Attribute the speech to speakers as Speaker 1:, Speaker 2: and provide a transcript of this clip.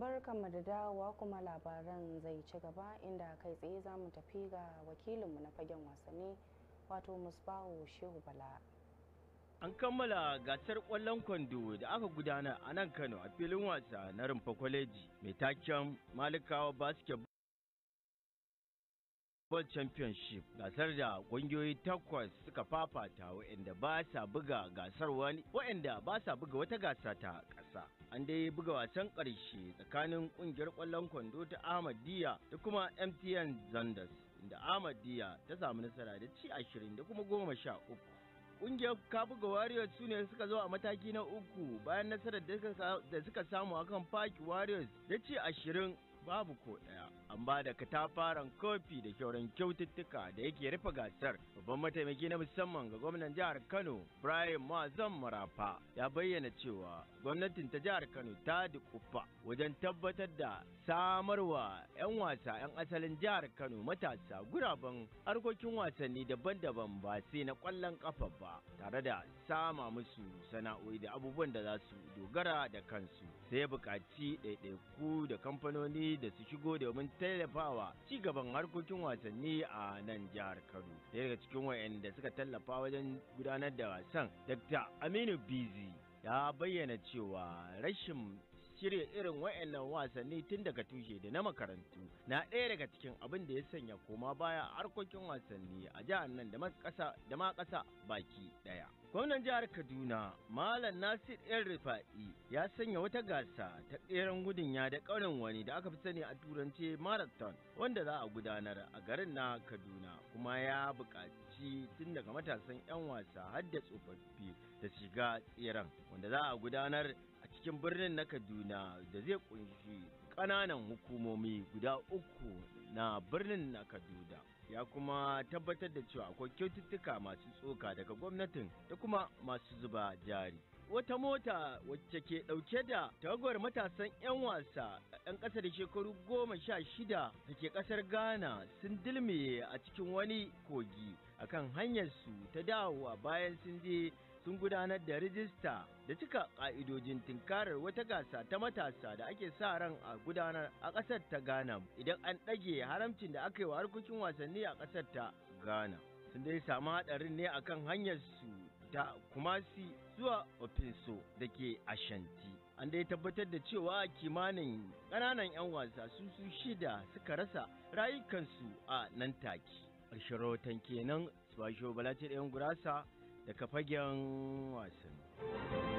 Speaker 1: barkanmu da dawowa kuma labaran zai ci gaba inda kai tsaye za mu tafi ga wakilinmu na fagen wasanni wato musbahu shehu bala an kammala gasar kwallon kwando da aka gudana a nan kano a filin wasa na rumfa kwaleji mai taken malikawa basketball Football Championship gasar da ƙungiyoyi takwas suka fafata waɗanda ba sa buga gasar wani waɗanda ba sa buga wata gasa ta ƙasa. An dai buga wasan ƙarshe tsakanin ƙungiyar ƙwallon kwando ta Ahmadiyya da kuma MTN Zandas inda Ahmadiyya ta samu nasara da ci ashirin da kuma goma sha uku. Ƙungiyar buga Warriors su ne suka zo a mataki na uku bayan nasarar da suka samu akan Park Warriors da ci ashirin babu ko ɗaya an ba da katafaren kofi da kyauran kyaututtuka da yake rufe gasar babban mataimaki na musamman ga gwamnan jihar kano brian mazan marafa ya bayyana cewa gwamnatin ta jihar kano ta dukufa wajen tabbatar da samarwa 'yan wasa 'yan asalin jihar kano matasa guraben harkokin wasanni daban-daban ba sai na kwallon kafa ba tare da sama musu sana'o'i da abubuwan da za su dogara da kansu sai buƙaci ɗaiɗaiku da kamfanoni da su shigo domin tallafawa ci gaban harkokin wasanni a nan jihar Kano. Ɗaya daga cikin wayanda suka tallafa wajen gudanar da wasan Dr. Aminu Bizi ya bayyana cewa rashin shirya irin wa'annan wasanni tun daga tushe da na makarantu na ɗaya daga cikin abin da ya sanya koma baya a harkokin wasanni a jihar nan da ma ƙasa baki ɗaya. Gwamnan jihar Kaduna, Malam Nasir ‘yan Rifa'i ya sanya wata gasa ta tseren gudun ya da ƙaurin wani da aka fi sani a Turanci marathon wanda za a gudanar a garin na Kaduna kuma ya buƙaci tun daga matasan 'yan wasa har da tsofaffi da shiga tseren wanda za a gudanar cikin birnin na Kaduna da zai kunshi ƙananan hukumomi guda uku na birnin na Kaduna. Ya kuma tabbatar da cewa akwai kyaututtuka masu tsoka daga gwamnatin da kuma masu zuba jari. Wata mota wacce ke ɗauke da tagwar matasan 'yan wasa 'yan ƙasa da shekaru goma sha shida da ke ƙasar Ghana sun dilmiye a cikin wani kogi akan hanyarsu ta dawowa bayan sun je sun gudanar da rijista da cika ƙa'idojin tinkarar wata gasa ta matasa da ake sa ran a gudanar a ƙasar ta Ghana idan an ɗage haramcin da aka yi wa harkokin wasanni a ƙasar ta Ghana. Sun dai samu haɗarin ne akan hanyar su ta Kumasi zuwa Opinso da ke Ashanti. An dai tabbatar da cewa kimanin ƙananan 'yan wasa su su shida suka rasa rayukansu a nan take. Ƙarshen rahoton kenan, Subasho Balatir 'yan gurasa daga fagen wasanni.